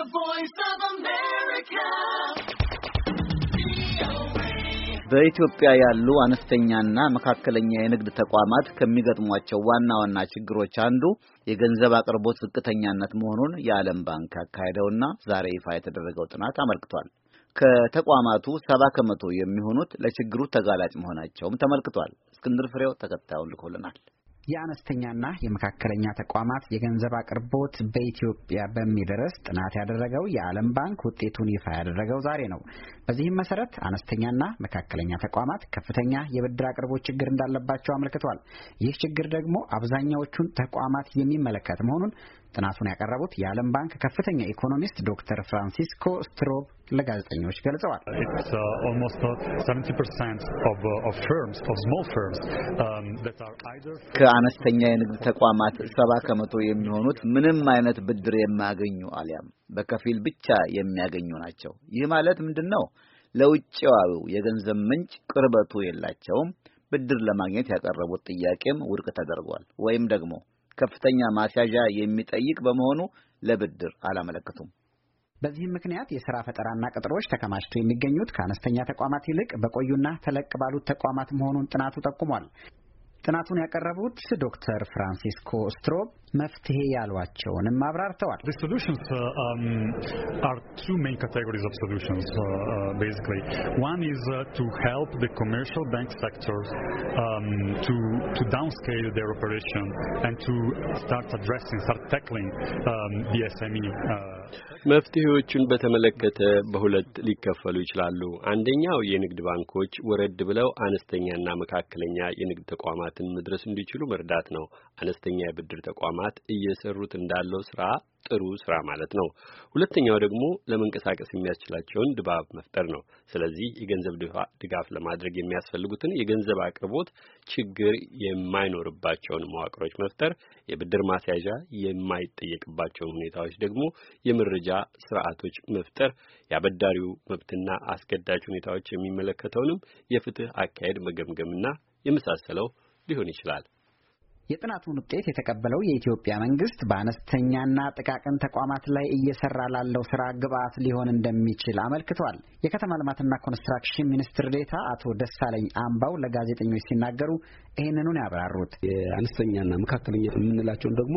The voice of America. በኢትዮጵያ ያሉ አነስተኛና መካከለኛ የንግድ ተቋማት ከሚገጥሟቸው ዋና ዋና ችግሮች አንዱ የገንዘብ አቅርቦት ዝቅተኛነት መሆኑን የዓለም ባንክ ያካሄደውና ዛሬ ይፋ የተደረገው ጥናት አመልክቷል። ከተቋማቱ ሰባ ከመቶ የሚሆኑት ለችግሩ ተጋላጭ መሆናቸውም ተመልክቷል። እስክንድር ፍሬው ተከታዩን ልኮልናል። የአነስተኛና የመካከለኛ ተቋማት የገንዘብ አቅርቦት በኢትዮጵያ በሚል ርዕስ ጥናት ያደረገው የዓለም ባንክ ውጤቱን ይፋ ያደረገው ዛሬ ነው። በዚህም መሰረት አነስተኛና መካከለኛ ተቋማት ከፍተኛ የብድር አቅርቦት ችግር እንዳለባቸው አመልክቷል። ይህ ችግር ደግሞ አብዛኛዎቹን ተቋማት የሚመለከት መሆኑን ጥናቱን ያቀረቡት የዓለም ባንክ ከፍተኛ ኢኮኖሚስት ዶክተር ፍራንሲስኮ ስትሮብ ለጋዜጠኞች ገልጸዋል። uh, uh, um, ከአነስተኛ የንግድ ተቋማት ሰባ ከመቶ የሚሆኑት ምንም አይነት ብድር የማያገኙ አሊያም በከፊል ብቻ የሚያገኙ ናቸው። ይህ ማለት ምንድን ነው? ለውጭዋዊው የገንዘብ ምንጭ ቅርበቱ የላቸውም። ብድር ለማግኘት ያቀረቡት ጥያቄም ውድቅ ተደርጓል ወይም ደግሞ ከፍተኛ ማስያዣ የሚጠይቅ በመሆኑ ለብድር አላመለከቱም። በዚህም ምክንያት የስራ ፈጠራና ቅጥሮች ተከማችተው የሚገኙት ከአነስተኛ ተቋማት ይልቅ በቆዩና ተለቅ ባሉት ተቋማት መሆኑን ጥናቱ ጠቁሟል። ጥናቱን ያቀረቡት ዶክተር ፍራንሲስኮ ስትሮብ መፍትሄ ያሏቸውንም አብራርተዋል። መፍትሄዎቹን በተመለከተ በሁለት ሊከፈሉ ይችላሉ። አንደኛው የንግድ ባንኮች ወረድ ብለው አነስተኛና መካከለኛ የንግድ ተቋማትን መድረስ እንዲችሉ መርዳት ነው። አነስተኛ የብድር ተቋማት ተቋማት እየሰሩት እንዳለው ስራ ጥሩ ስራ ማለት ነው። ሁለተኛው ደግሞ ለመንቀሳቀስ የሚያስችላቸውን ድባብ መፍጠር ነው። ስለዚህ የገንዘብ ድጋፍ ለማድረግ የሚያስፈልጉትን የገንዘብ አቅርቦት ችግር የማይኖርባቸውን መዋቅሮች መፍጠር፣ የብድር ማስያዣ የማይጠየቅባቸውን ሁኔታዎች ደግሞ የመረጃ ስርዓቶች መፍጠር፣ የአበዳሪው መብትና አስገዳጅ ሁኔታዎች የሚመለከተውንም የፍትህ አካሄድ መገምገምና የመሳሰለው ሊሆን ይችላል። የጥናቱን ውጤት የተቀበለው የኢትዮጵያ መንግስት በአነስተኛና ጥቃቅን ተቋማት ላይ እየሰራ ላለው ስራ ግብአት ሊሆን እንደሚችል አመልክቷል። የከተማ ልማትና ኮንስትራክሽን ሚኒስትር ዴታ አቶ ደሳለኝ አምባው ለጋዜጠኞች ሲናገሩ ይህንኑን ያብራሩት የአነስተኛና መካከለኛ የምንላቸውን ደግሞ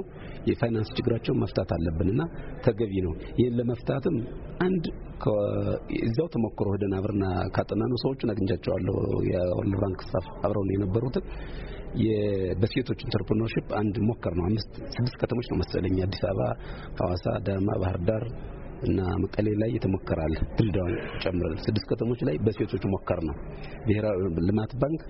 የፋይናንስ ችግራቸውን መፍታት አለብንና ተገቢ ነው። ይህን ለመፍታትም አንድ እዚያው ተሞክሮ ሄደን አብረን ካጠናነው ሰዎቹን አግኝቻቸዋለሁ። የወርልድ ባንክ ስታፍ አብረውን የነበሩትን በሴቶች ኢንተርፕርነርሺፕ አንድ ሞከር ነው። አምስት ስድስት ከተሞች ነው መሰለኝ አዲስ አበባ፣ ሐዋሳ፣ ዳማ፣ ባህር ዳር እና መቀሌ ላይ የተሞከራል። ድሬዳዋን ጨምረን ስድስት ከተሞች ላይ በሴቶች ሞከር ነው። ብሔራዊ ልማት ባንክ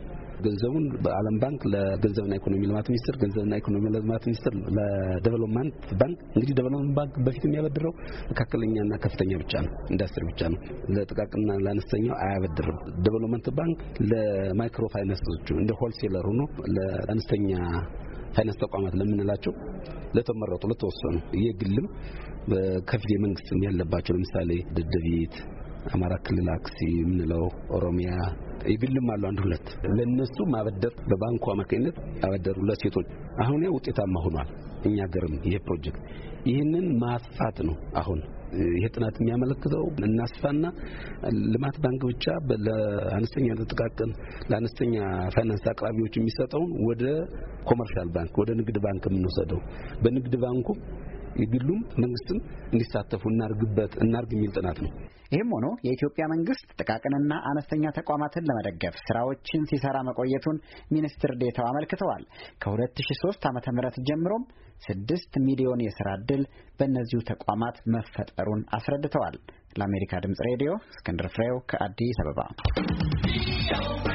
ገንዘቡን በዓለም ባንክ ለገንዘብና ኢኮኖሚ ልማት ሚኒስቴር፣ ገንዘብና ኢኮኖሚ ልማት ሚኒስቴር ለዴቨሎፕመንት ባንክ። እንግዲህ ዴቨሎፕመንት ባንክ በፊት የሚያበድረው መካከለኛና ከፍተኛ ብቻ ነው፣ ኢንዱስትሪ ብቻ ነው። ለጥቃቅና ለአነስተኛው አያበድርም። ዴቨሎፕመንት ባንክ ለማይክሮ ፋይናንስ እንደ ሆልሴለር ሆኖ ለአነስተኛ ፋይናንስ ተቋማት ለምንላቸው ለተመረጡ ለተወሰኑ የግልም ከፊል የመንግስት ያለባቸው ለምሳሌ ደደቢት፣ አማራ ክልል አክሲ የምንለው ኦሮሚያ የግልም አሉ አንድ ሁለት ለነሱ ማበደር በባንኩ አማካኝነት ያበደሩላቸው ሴቶች አሁን ያው ውጤታማ ሆኗል። እኛ ገርም ይሄ ፕሮጀክት ይህንን ማስፋት ነው አሁን ይሄ ጥናት የሚያመለክተው እናስፋና ልማት ባንክ ብቻ ለአነስተኛ ጥቃቅን ለአነስተኛ ፋይናንስ አቅራቢዎች የሚሰጠውን ወደ ኮመርሻል ባንክ ወደ ንግድ ባንክ የምንወሰደው በንግድ ባንኩ የግሉም መንግስትም እንዲሳተፉ እናርግበት እናርግ የሚል ጥናት ነው። ይህም ሆኖ የኢትዮጵያ መንግስት ጥቃቅንና አነስተኛ ተቋማትን ለመደገፍ ስራዎችን ሲሰራ መቆየቱን ሚኒስትር ዴታው አመልክተዋል። ከ2003 ዓ ም ጀምሮም ስድስት ሚሊዮን የስራ ዕድል በእነዚሁ ተቋማት መፈጠሩን አስረድተዋል። ለአሜሪካ ድምፅ ሬዲዮ እስክንድር ፍሬው ከአዲስ አበባ